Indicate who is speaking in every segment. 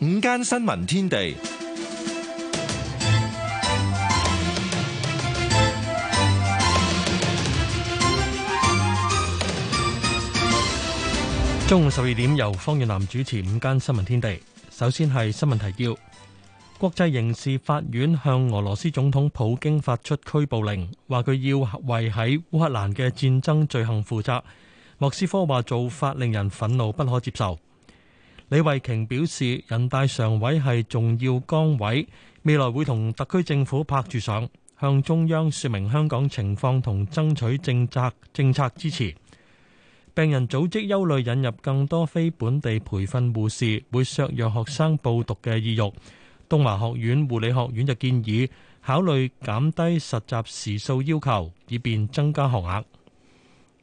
Speaker 1: 午間新聞天地，中午十二點由方月南主持午間新聞天地。首先係新聞提要，國際刑事法院向俄羅斯總統普京發出拘捕令，話佢要為喺烏克蘭嘅戰爭罪行負責。莫斯科話做法令人憤怒，不可接受。李慧瓊表示，人大常委係重要崗位，未來會同特區政府拍住上，向中央說明香港情況同爭取政策政策支持。病人組織憂慮引入更多非本地培訓護士，會削弱學生報讀嘅意欲。東華學院護理學院就建議考慮減低實習時數要求，以便增加學額。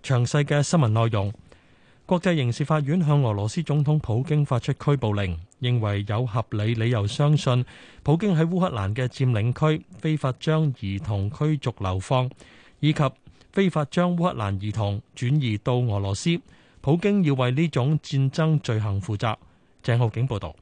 Speaker 1: 詳細嘅新聞內容。國際刑事法院向俄羅斯總統普京發出拘捕令，認為有合理理由相信普京喺烏克蘭嘅佔領區非法將兒童驅逐流放，以及非法將烏克蘭兒童轉移到俄羅斯。普京要為呢種戰爭罪行負責。鄭浩景報道。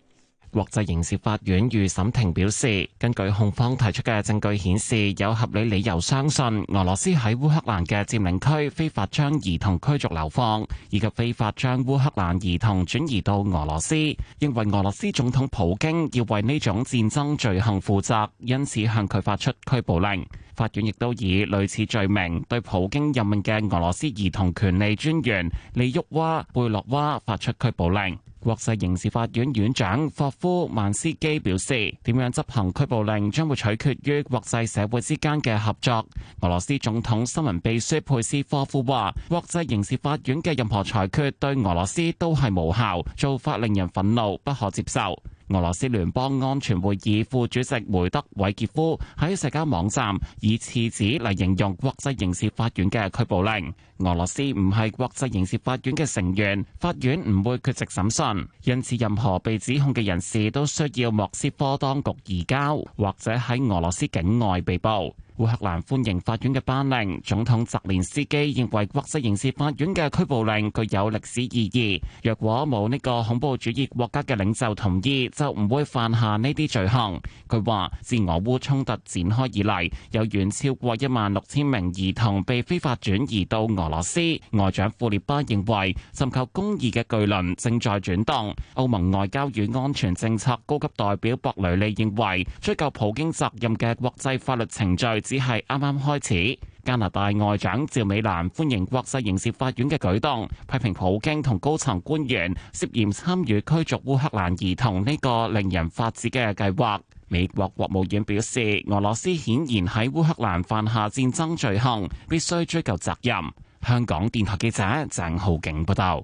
Speaker 2: 國際刑事法院預審庭表示，根據控方提出嘅證據顯示，有合理理由相信俄羅斯喺烏克蘭嘅佔領區非法將兒童驅逐流放，以及非法將烏克蘭兒童轉移到俄羅斯，認為俄羅斯總統普京要為呢種戰爭罪行負責，因此向佢發出拘捕令。法院亦都以類似罪名對普京任命嘅俄羅斯兒童權利專員利沃娃-貝洛娃發出拘捕令。國際刑事法院院長霍夫曼斯基表示，點樣執行拘捕令將會取決於國際社會之間嘅合作。俄羅斯總統新聞秘書佩斯科夫話，國際刑事法院嘅任何裁決對俄羅斯都係無效，做法令人憤怒，不可接受。俄羅斯聯邦安全會議副主席梅德韋傑夫喺社交網站以廁紙嚟形容國際刑事法院嘅拘捕令。俄羅斯唔係國際刑事法院嘅成員，法院唔會缺席審訊，因此任何被指控嘅人士都需要莫斯科當局移交，或者喺俄羅斯境外被捕。烏克蘭歡迎法院嘅頒令，總統澤連斯基認為國際刑事法院嘅拘捕令具有歷史意義。若果冇呢個恐怖主義國家嘅領袖同意，就唔會犯下呢啲罪行。佢話，自俄烏衝突展開以嚟，有遠超過一萬六千名兒童被非法轉移到俄羅斯。外長庫列巴認為，尋求公義嘅巨輪正在轉動。歐盟外交與安全政策高級代表博雷利認為，追究普京責任嘅國際法律程序，只係啱啱開始。加拿大外長趙美蘭歡迎國際刑事法院嘅舉動，批評普京同高層官員涉嫌參與驅逐烏克蘭兒童呢個令人髮指嘅計劃。美國國務院表示，俄羅斯顯然喺烏克蘭犯下戰爭罪行，必須追究責任。香港電台記者鄭浩景報道。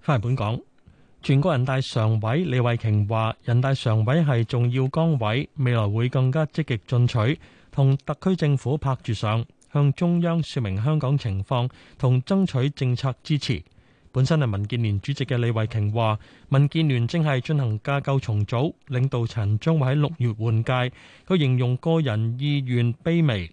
Speaker 2: 返本港。全國人大常委
Speaker 1: 李慧瓊話，人大常委係重要崗位，未來會更加積極進取，同特區政府拍住上，向中央說明香港情況，同爭取政策支持。本身係民建聯主席嘅李慧瓊話，民建聯正係進行架構重組，領導層將會喺六月換屆。佢形容個人意願卑微，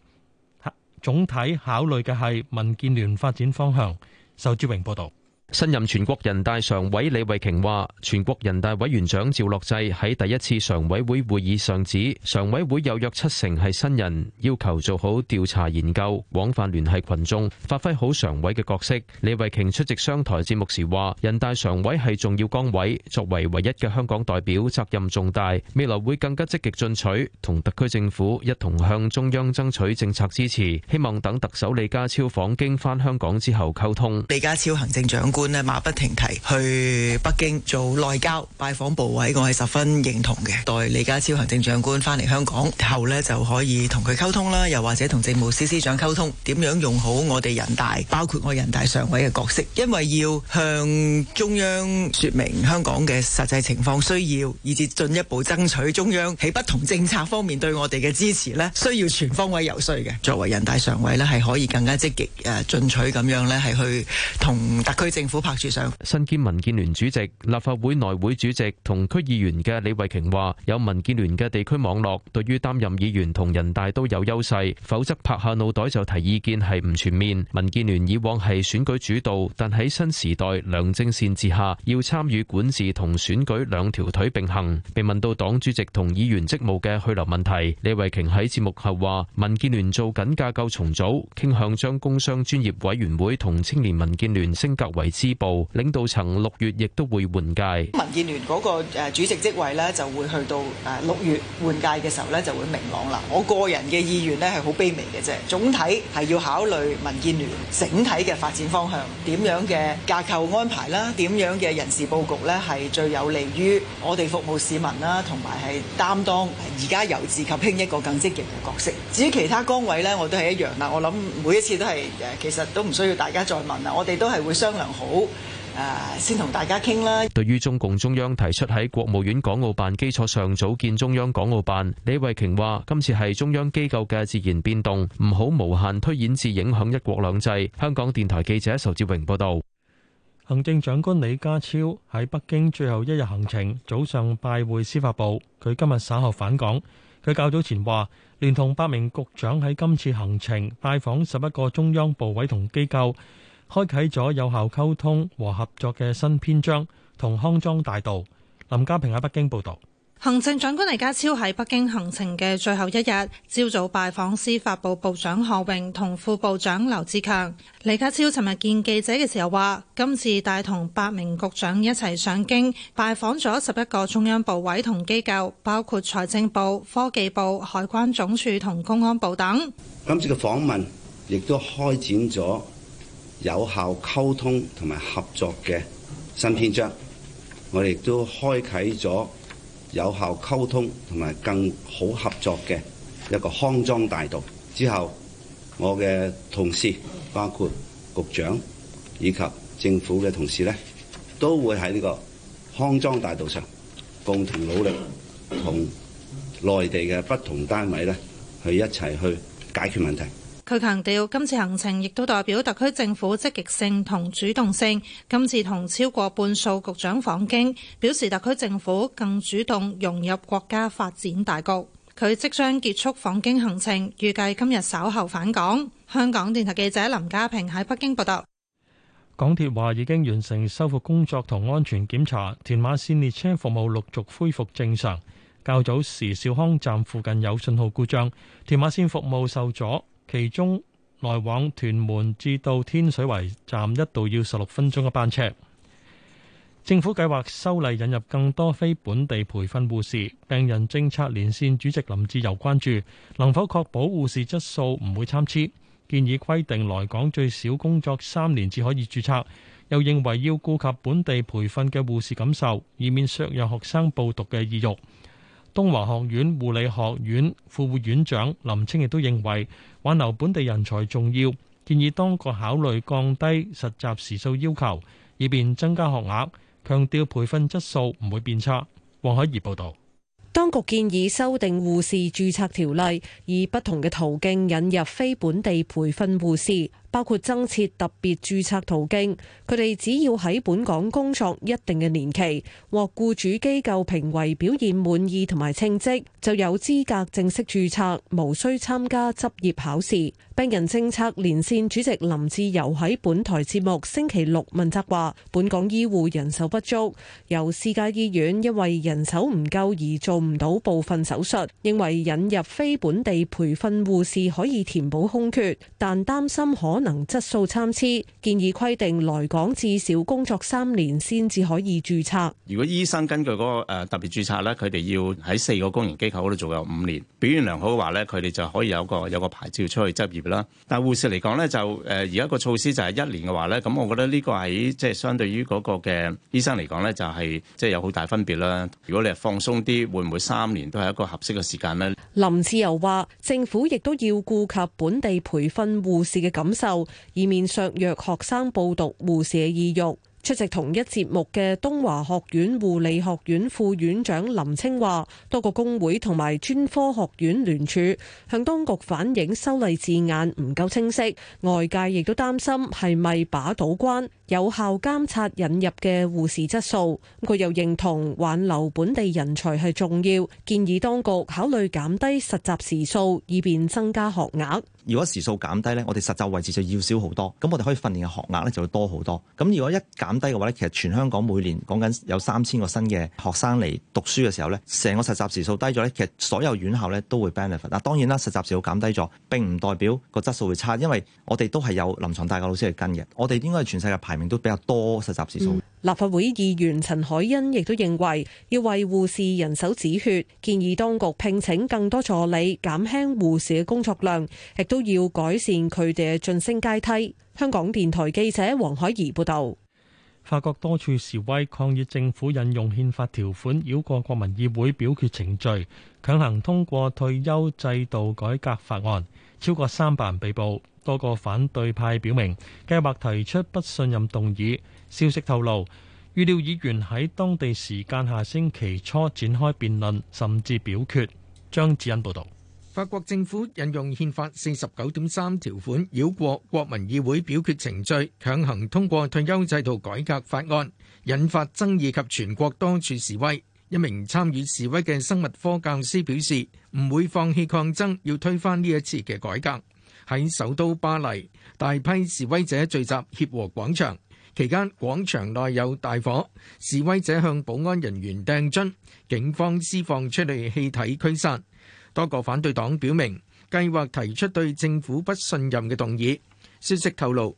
Speaker 1: 總體考慮嘅係民建聯發展方向。仇志榮報道。
Speaker 3: 新任全國人大常委李慧瓊話，全國人大委員長趙樂際喺第一次常委會會議上指，常委會有約七成係新人，要求做好調查研究，廣泛聯繫群眾，發揮好常委嘅角色。李慧瓊出席商台節目時話，人大常委係重要崗位，作為唯一嘅香港代表，責任重大，未來會更加積極進取，同特區政府一同向中央爭取政策支持，希望等特首李家超訪京返香港之後溝通。李
Speaker 4: 家超行政長官官咧，馬不停蹄去北京做內交拜訪部委，我係十分認同嘅。代李家超行政長官翻嚟香港後咧，就可以同佢溝通啦，又或者同政務司司長溝通，點樣用好我哋人大，包括我人大常委嘅角色，因為要向中央說明香港嘅實際情況需要，以至進一步爭取中央喺不同政策方面對我哋嘅支持咧，需要全方位游說嘅。作為人大常委咧，係可以更加積極誒進取咁樣咧，係去同特區政府拍住上，
Speaker 3: 新兼民建聯主席，立法會內會主席同區議員嘅李慧瓊話：有民建聯嘅地區網絡，對於擔任議員同人大都有優勢。否則拍下腦袋就提意見係唔全面。民建聯以往係選舉主導，但喺新時代良政善治下，要參與管治同選舉兩條腿並行。被問到黨主席同議員職務嘅去留問題，李慧瓊喺節目後話：民建聯做緊架構重組，傾向將工商專業委員會同青年民建聯升格為。支部領導層六月亦都會換屆，
Speaker 4: 民建聯嗰個誒主席職位咧就會去到誒六月換屆嘅時候咧就會明朗啦。我個人嘅意願咧係好卑微嘅啫，總體係要考慮民建聯整體嘅發展方向，點樣嘅架構安排啦，點樣嘅人事佈局咧係最有利於我哋服務市民啦，同埋係擔當而家由治及興一個更積極嘅角色。至於其他崗位咧，我都係一樣啦。我諗每一次都係誒，其實都唔需要大家再問啦，我哋都係會商量好。好，誒，先同大家傾啦。
Speaker 3: 對於中共中央提出喺國務院港澳辦基礎上組建中央港澳辦，李慧瓊話：今次係中央機構嘅自然變動，唔好無限推演至影響一國兩制。香港電台記者仇志榮報道。
Speaker 1: 行政長官李家超喺北京最後一日行程，早上拜會司法部。佢今日稍後返港，佢較早前話，連同八名局長喺今次行程拜訪十一個中央部委同機構。開啟咗有效溝通和合作嘅新篇章，同康莊大道。林家平喺北京報導。
Speaker 5: 行政長官李家超喺北京行程嘅最後一日，朝早拜訪司法部部長何榮同副部長劉志強。李家超尋日見記者嘅時候話：今次帶同八名局長一齊上京，拜訪咗十一個中央部委同機構，包括財政部、科技部、海關總署同公安部等。
Speaker 1: 今次嘅訪問亦都開展咗。有效溝通同埋合作嘅新篇章，我哋都開啟咗有效溝通同埋更好合作嘅一個康莊大道。之後，我嘅同事包括局長以及政府嘅同事呢，都會喺呢個康莊大道上共同努力，同內地嘅不同單位咧去一齊去解決問題。
Speaker 5: 佢強調今次行程亦都代表特區政府積極性同主動性。今次同超過半數局長訪京，表示特區政府更主動融入國家發展大局。佢即將結束訪京行程，預計今日稍後返港。香港電台記者林家平喺北京報道。
Speaker 1: 港鐵話已經完成修復工作同安全檢查，屯馬線列車服務陸續恢復正常。較早時，兆康站附近有信號故障，屯馬線服務受阻。其中，來往屯門至到天水圍站一度要十六分鐘嘅班車。政府計劃修例引入更多非本地培訓護士，病人政策連線主席林志柔關注能否確保護士質素唔會參差，建議規定來港最少工作三年至可以註冊，又認為要顧及本地培訓嘅護士感受，以免削弱學生報讀嘅意欲。東華學院護理學院副院長林清亦都認為挽留本地人才重要，建議當局考慮降低實習時數要求，以便增加學額，強調培訓質素唔會變差。黃海怡報道。
Speaker 5: 當局建議修訂護士註冊條例，以不同嘅途徑引入非本地培訓護士，包括增設特別註冊途徑。佢哋只要喺本港工作一定嘅年期，獲僱主機構評為表現滿意同埋稱職，就有資格正式註冊，無需參加執業考試。病人政策連線主席林志由喺本台節目星期六問責話：「本港醫護人手不足，由私家醫院因為人手唔夠而做做唔到部分手術，認為引入非本地培訓護士可以填補空缺，但擔心可能質素參差，建議規定來港至少工作三年先至可以註冊。
Speaker 2: 如果醫生根據嗰個誒特別註冊咧，佢哋要喺四個公營機構度做有五年，表現良好嘅話咧，佢哋就可以有個有個牌照出去執業啦。但護士嚟講咧就誒而家個措施就係一年嘅話咧，咁我覺得呢個喺即係相對於嗰個嘅醫生嚟講咧就係即係有好大分別啦。如果你係放鬆啲會。每三年都係一個合適嘅時間呢，
Speaker 5: 林志由話：政府亦都要顧及本地培訓護士嘅感受，以免削弱學生報讀護士嘅意欲。出席同一節目嘅東華學院護理學院副院長林清華，多個工會同埋專科學院聯署，向當局反映修例字眼唔夠清晰，外界亦都擔心係咪把倒關，有效監察引入嘅護士質素，佢又認同挽留本地人才係重要，建議當局考慮減低實習時數，以便增加學額。
Speaker 4: 如果時數減低呢，我哋實習位置就要少好多，咁我哋可以訓練嘅學額呢，就會多好多。咁如果一減低嘅話呢，其實全香港每年講緊有三千個新嘅學生嚟讀書嘅時候呢，成個實習時數低咗呢，其實所有院校呢都會 benefit。嗱，當然啦，實習時數減低咗並唔代表個質素會差，因為我哋都係有臨床大教老師去跟嘅，我哋應該係全世界排名都比較多實習時數。
Speaker 5: 立法會議員陳海欣亦都認為，要為護士人手止血，建議當局聘請更多助理，減輕護士嘅工作量，亦都要改善佢哋嘅晉升階梯。香港電台記者黃海怡報道。
Speaker 1: 法國多處示威抗議政府引用憲法條款繞過國民議會表決程序，強行通過退休制度改革法案。超過三百人被捕，多個反對派表明計劃提出不信任動議。消息透露，預料議員喺當地時間下星期初展開辯論，甚至表決。張智恩報導。
Speaker 6: 法國政府引用憲法四十九點三條款繞過國民議會表決程序，強行通過退休制度改革法案，引發爭議及全國多處示威。一名參與示威嘅生物科教師表示：唔會放棄抗爭，要推翻呢一次嘅改革。喺首都巴黎，大批示威者聚集協和廣場，期間廣場內有大火，示威者向保安人員掟樽，警方施放催淚氣體驅散。多個反對黨表明計劃提出對政府不信任嘅動議。消息透露，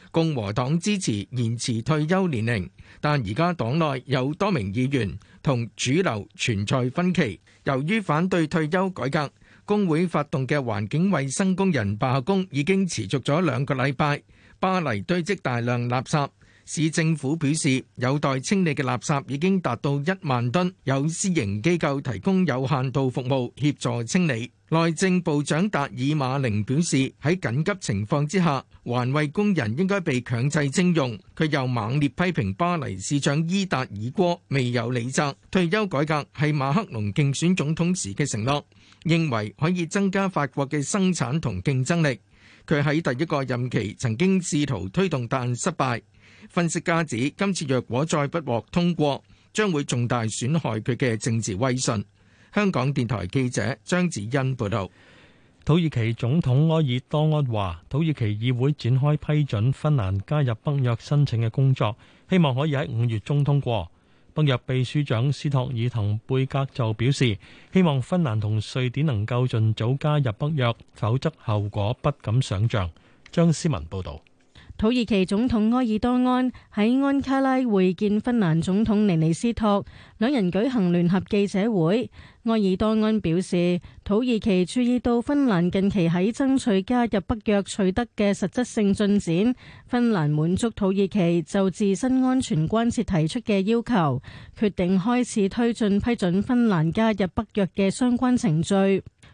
Speaker 6: 共和黨支持延遲退休年齡，但而家黨內有多名議員同主流存在分歧。由於反對退休改革，工會發動嘅環境衛生工人罷工已經持續咗兩個禮拜，巴黎堆積大量垃圾。市政府表示，有待清理嘅垃圾已經達到一萬噸，有私營機構提供有限度服務協助清理。內政部長達爾馬寧表示，喺緊急情況之下，環衛工人應該被強制徵用。佢又猛烈批評巴黎市長伊達爾戈未有履責退休改革係馬克龍競選總統時嘅承諾，認為可以增加法國嘅生產同競爭力。佢喺第一個任期曾經試圖推動，但失敗。分析家指，今次若果再不獲通過，將會重大損害佢嘅政治威信。香港電台記者張子欣報道。土耳其總統埃爾多安話，土耳其議會展開
Speaker 1: 批准芬蘭加入北約申請嘅工作，希望可以喺五月中通過。北約秘書長斯托爾滕貝格就表示，希望芬蘭同瑞典能夠盡早加入北約，否則後果不敢想象。張思文報道。
Speaker 7: 土耳其總統埃爾多安喺安卡拉會見芬蘭總統尼尼斯托，兩人舉行聯合記者會。埃爾多安表示，土耳其注意到芬蘭近期喺爭取加入北約取得嘅實質性進展，芬蘭滿足土耳其就自身安全關切提出嘅要求，決定開始推進批准芬蘭加入北約嘅相關程序。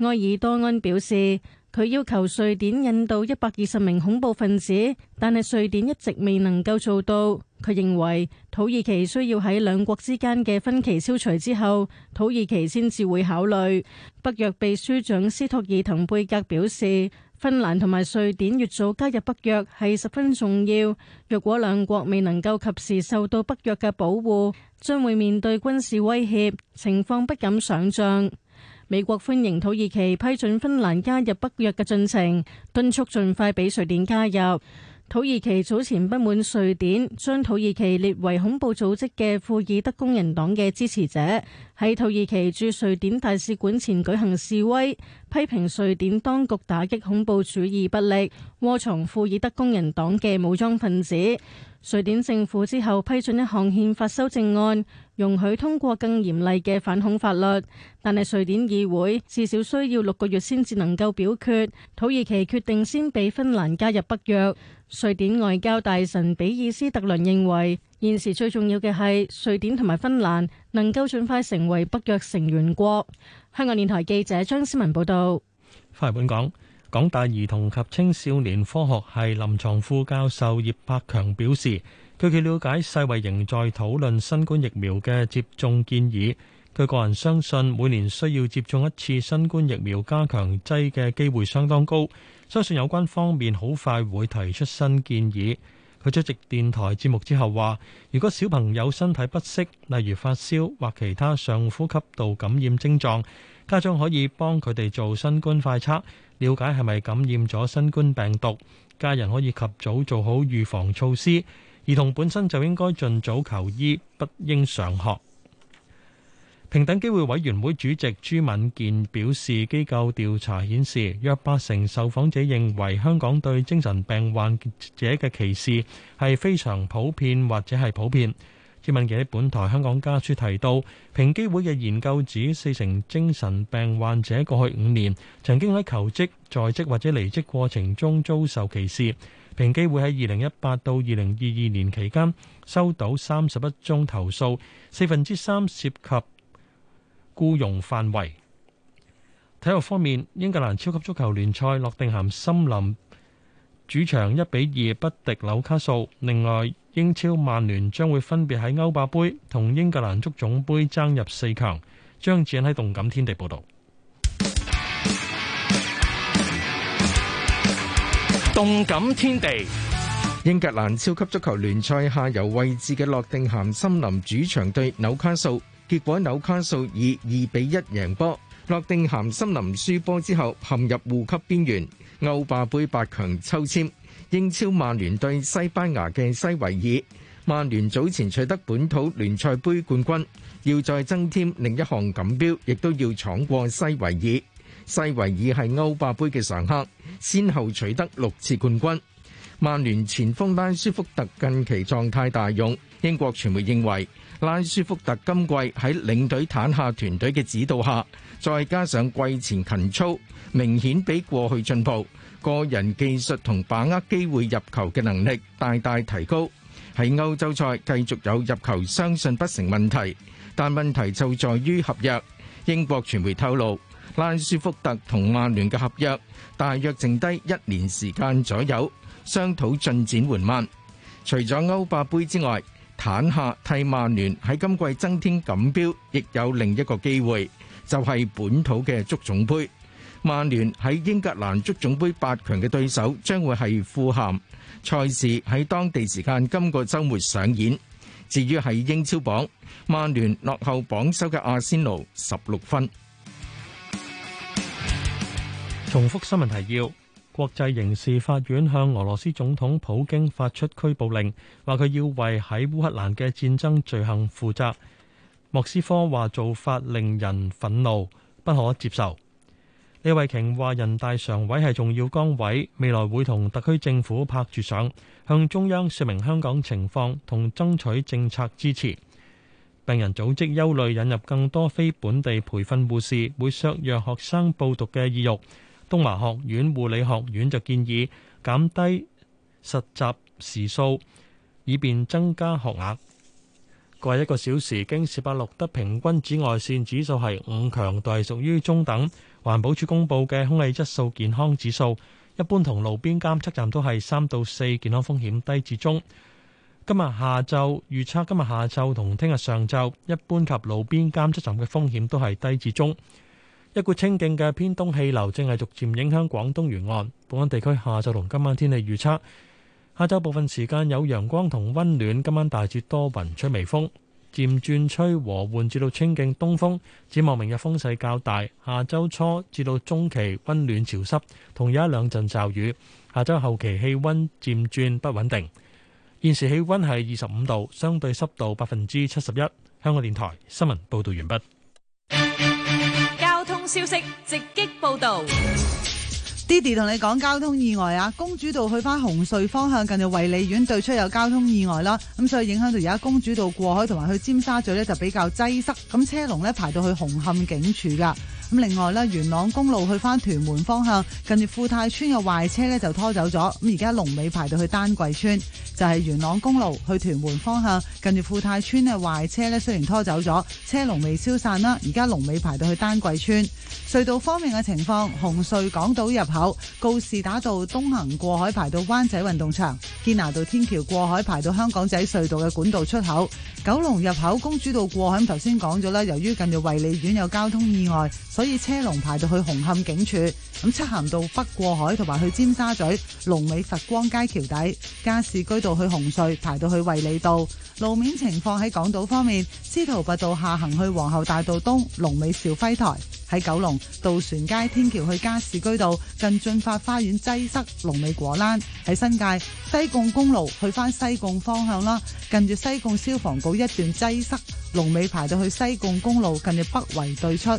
Speaker 7: 埃爾多安表示，佢要求瑞典引渡一百二十名恐怖分子，但係瑞典一直未能夠做到。佢認為土耳其需要喺兩國之間嘅分歧消除之後，土耳其先至會考慮。北約秘書長斯托爾滕貝格表示，芬蘭同埋瑞典越早加入北約係十分重要。若果兩國未能夠及時受到北約嘅保護，將會面對軍事威脅，情況不敢想象。美國歡迎土耳其批准芬蘭加入北約嘅進程，敦促盡快俾瑞典加入。土耳其早前不滿瑞典將土耳其列為恐怖組織嘅庫爾德工人黨嘅支持者，喺土耳其駐瑞典大使館前舉行示威，批評瑞典當局打擊恐怖主義不力，窩藏庫爾德工人黨嘅武裝分子。瑞典政府之後批准一項憲法修正案，容許通過更嚴厲嘅反恐法律，但係瑞典議會至少需要六個月先至能夠表決。土耳其決定先俾芬蘭加入北約。瑞典外交大臣比爾斯特倫認為，現時最重要嘅係瑞典同埋芬蘭能夠盡快成為北約成員國。香港電台記者張思文報道。
Speaker 1: 翻嚟本港。港大兒童及青少年科學系臨床副教授葉柏強表示，據其了解，世衛仍在討論新冠疫苗嘅接種建議。佢個人相信每年需要接種一次新冠疫苗加強劑嘅機會相當高。相信有關方面好快會提出新建議。佢出席電台節目之後話，如果小朋友身體不適，例如發燒或其他上呼吸道感染症狀，家長可以幫佢哋做新冠快測。了解係咪感染咗新冠病毒，家人可以及早做好預防措施。兒童本身就應該盡早求醫，不應上學。平等機會委員會主席朱敏健表示，機構調查顯示，約八成受訪者認為香港對精神病患者嘅歧視係非常普遍或者係普遍。問嘅喺本台香港家書提到，平機會嘅研究指四成精神病患者過去五年曾經喺求職、在職或者離職過程中遭受歧視。平機會喺二零一八到二零二二年期間收到三十一宗投訴，四分之三涉及僱傭範圍。體育方面，英格蘭超級足球聯賽諾定咸森林。主場一比二不敵紐卡素，另外英超曼聯將會分別喺歐霸杯同英格蘭足總盃爭入四強。張展喺動感天地報道。
Speaker 6: 動感天地，英格蘭超級足球聯賽下游位置嘅洛定咸森林主場對紐卡素，結果紐卡素以二比一贏波。落定咸森林輸波之後，陷入護級邊緣。歐霸杯八強抽簽，英超曼聯對西班牙嘅西維爾。曼聯早前取得本土聯賽杯冠軍，要再增添另一項錦標，亦都要闖過西維爾。西維爾係歐霸杯嘅常客，先後取得六次冠軍。曼聯前鋒拉舒福特近期狀態大勇，英國傳媒認為拉舒福特今季喺領隊坦下團隊嘅指導下，再加上季前勤操，明顯比過去進步。個人技術同把握機會入球嘅能力大大提高，喺歐洲賽繼續有入球，相信不成問題。但問題就在於合約，英國傳媒透露拉舒福特同曼聯嘅合約大約剩低一年時間左右。商討進展緩慢。除咗歐霸盃之外，坦夏替曼聯喺今季增添錦標，亦有另一個機會，就係本土嘅足總盃。曼聯喺英格蘭足總盃八強嘅對手將會係富咸，賽事喺當地時間今個周末上演。至於係英超榜，曼聯落後榜首嘅阿仙奴十六分。
Speaker 1: 重複新聞提要。國際刑事法院向俄羅斯總統普京發出拘捕令，話佢要為喺烏克蘭嘅戰爭罪行負責。莫斯科話做法令人憤怒，不可接受。李慧瓊話：人大常委係重要崗位，未來會同特區政府拍住上，向中央説明香港情況，同爭取政策支持。病人組織憂慮引入更多非本地培訓護士，會削弱學生報讀嘅意欲。東華學院護理學院就建議減低實習時數，以便增加學額。過去一個小時，京士柏錄得平均紫外線指數係五，強度屬於中等。環保署公布嘅空氣質素健康指數，一般同路邊監測站都係三到四，健康風險低至中。今日下晝預測，今日下晝同聽日上晝，一般及路邊監測站嘅風險都係低至中。一股清勁嘅偏東氣流正係逐漸影響廣東沿岸。本港地區下晝同今晚天氣預測：下晝部分時間有陽光同温暖，今晚大致多雲，吹微風，漸轉吹和緩至到清勁東風。展望明日風勢較大，下週初至到中期温暖潮濕，同有一兩陣驟雨。下週後期氣温漸轉不穩定。現時氣温係二十五度，相對濕度百分之七十一。香港電台
Speaker 8: 新聞報道完畢。
Speaker 4: 消息直擊報導。
Speaker 8: Didi 同你講交通意外啊！公主道去翻紅隧方向，近住惠利苑對出有交通意外啦。咁所以影響到而家公主道過海同埋去尖沙咀呢，就比較擠塞，咁車龍呢，排到去紅磡警署噶。咁另外呢，元朗公路去翻屯門方向，近住富泰村嘅壞車呢，就拖走咗。咁而家龍尾排到去丹桂村，就係、是、元朗公路去屯門方向，近住富泰村嘅壞車呢，雖然拖走咗，車龍未消散啦。而家龍尾排到去丹桂村。隧道方面嘅情況，紅隧港島入口。告士打道東行過海排到灣仔運動場，堅拿道天橋過海排到香港仔隧道嘅管道出口，九龍入口公主道過海，咁頭先講咗啦，由於近日衛理苑有交通意外，所以車龍排到去紅磡警署。咁漆咸道北過海同埋去尖沙咀龍尾佛光街橋底，加士居道去紅隧排到去衛理道。路面情況喺港島方面，司徒拔道下行去皇后大道東，龍尾兆輝台。喺九龍渡船街天橋去加士居道近駿發花園擠塞，龍尾果欄；喺新界西貢公路去翻西貢方向啦，近住西貢消防局一段擠塞，龍尾排到去西貢公路近住北圍對出。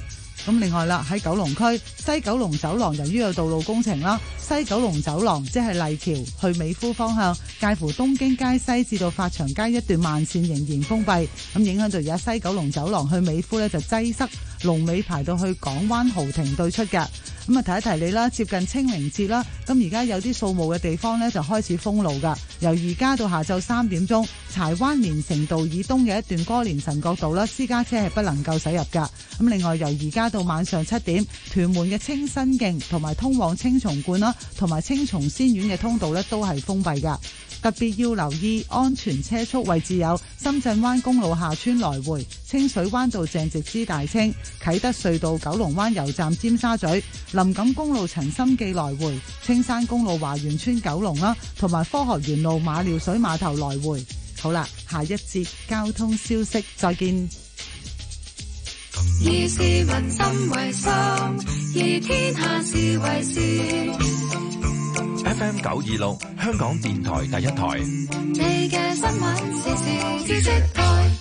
Speaker 8: 咁另外啦，喺九龍區西九龍走廊，由於有道路工程啦，西九龍走廊即係麗橋去美孚方向，介乎東京街西至到發祥街一段慢線仍然封閉，咁影響到而家西九龍走廊去美孚咧就擠塞，龍尾排到去港灣豪庭對出嘅。咁啊，提一提你啦，接近清明節啦，咁而家有啲掃墓嘅地方呢，就開始封路噶。由而家到下晝三點鐘，柴灣連城道以東嘅一段歌連臣角道啦，私家車係不能夠駛入噶。咁另外，由而家到晚上七點，屯門嘅清新徑同埋通往青松觀啦，同埋青松仙苑嘅通道呢，都係封閉噶。特別要留意安全車速位置有：深圳灣公路下村來回、清水灣道鄭植之大清、啟德隧道九龍灣油站、尖沙咀、林錦公路陳心記來回、青山公路華園村九龍啦，同埋科學園路馬料水碼頭來回。好啦，下一節交通消息，再見。
Speaker 2: 以市民心為心，以天下事為事。
Speaker 3: M 九二六，香港電台第一台。
Speaker 2: 你嘅新聞、時事、知
Speaker 1: 識台。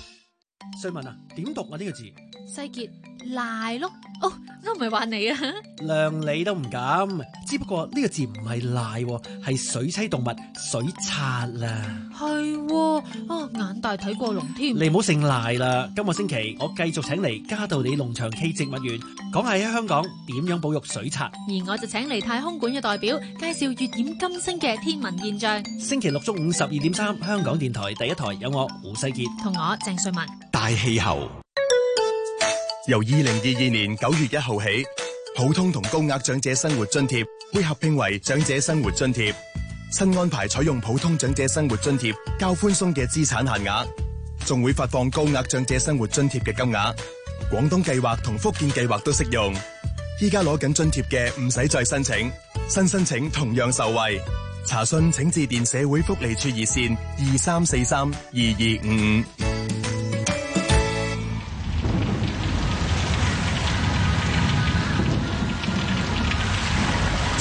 Speaker 1: 瑞文啊，點讀啊呢，這個字？
Speaker 7: 世杰，賴咯，哦，我唔係話你啊，
Speaker 1: 量你都唔敢，只不過呢個字唔係賴，係水棲動物水獺啦，
Speaker 5: 係哦眼大睇過龍添，你
Speaker 1: 唔好姓賴啦，今個星期我繼續請嚟嘉道理農場暨植物園，講下喺香港點樣保育水獺，
Speaker 7: 而我就請嚟太空館嘅代表介紹月掩金星嘅天文現象。星期六中午
Speaker 1: 十二點三，香港電台第一台有我胡世杰
Speaker 7: 同我鄭瑞文
Speaker 1: 大氣候。由二零二二年九月一號起，普通同高額長者生活津貼會合併為長者生活津貼。新安排採用普通長者生活津貼較寬鬆嘅資產限額，仲會發放高額長者生活津貼嘅金額。廣東計劃同福建計劃都適用。依家攞緊津貼嘅唔使再申請，新申請同樣受惠。查詢請致電社會福利處熱線二三四三二二五五。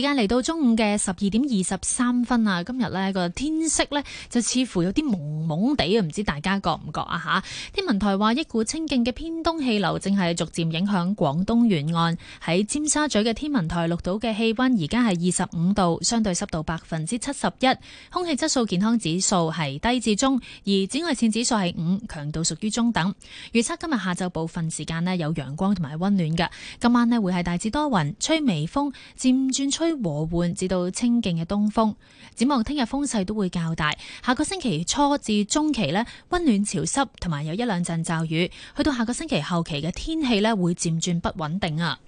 Speaker 7: 時間嚟到中午嘅十二點二十三分啊！今日呢個天色呢就似乎有啲蒙蒙地啊，唔知大家覺唔覺啊？吓！天文台話一股清勁嘅偏東氣流正係逐漸影響廣東沿岸。喺尖沙咀嘅天文台錄到嘅氣溫而家係二十五度，相對濕度百分之七十一，空氣質素健康指數係低至中，而紫外線指數係五，強度屬於中等。預測今日下晝部分時間呢有陽光同埋溫暖㗎，今晚呢會係大致多雲，吹微風，漸轉吹。和緩至到清勁嘅東風，展望聽日風勢都會較大。下個星期初至中期呢，溫暖潮濕，同埋有一兩陣驟雨。去到下個星期後期嘅天氣呢，會漸轉不穩定啊。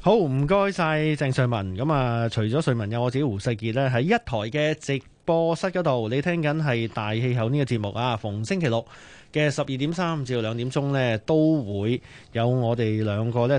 Speaker 1: 好，唔該晒鄭瑞文。咁啊，除咗瑞文，有我自己胡世傑呢。喺一台嘅直播室嗰度，你聽緊係大氣候呢個節目啊。逢星期六嘅十二點三至到兩點鐘呢，都會有我哋兩個呢。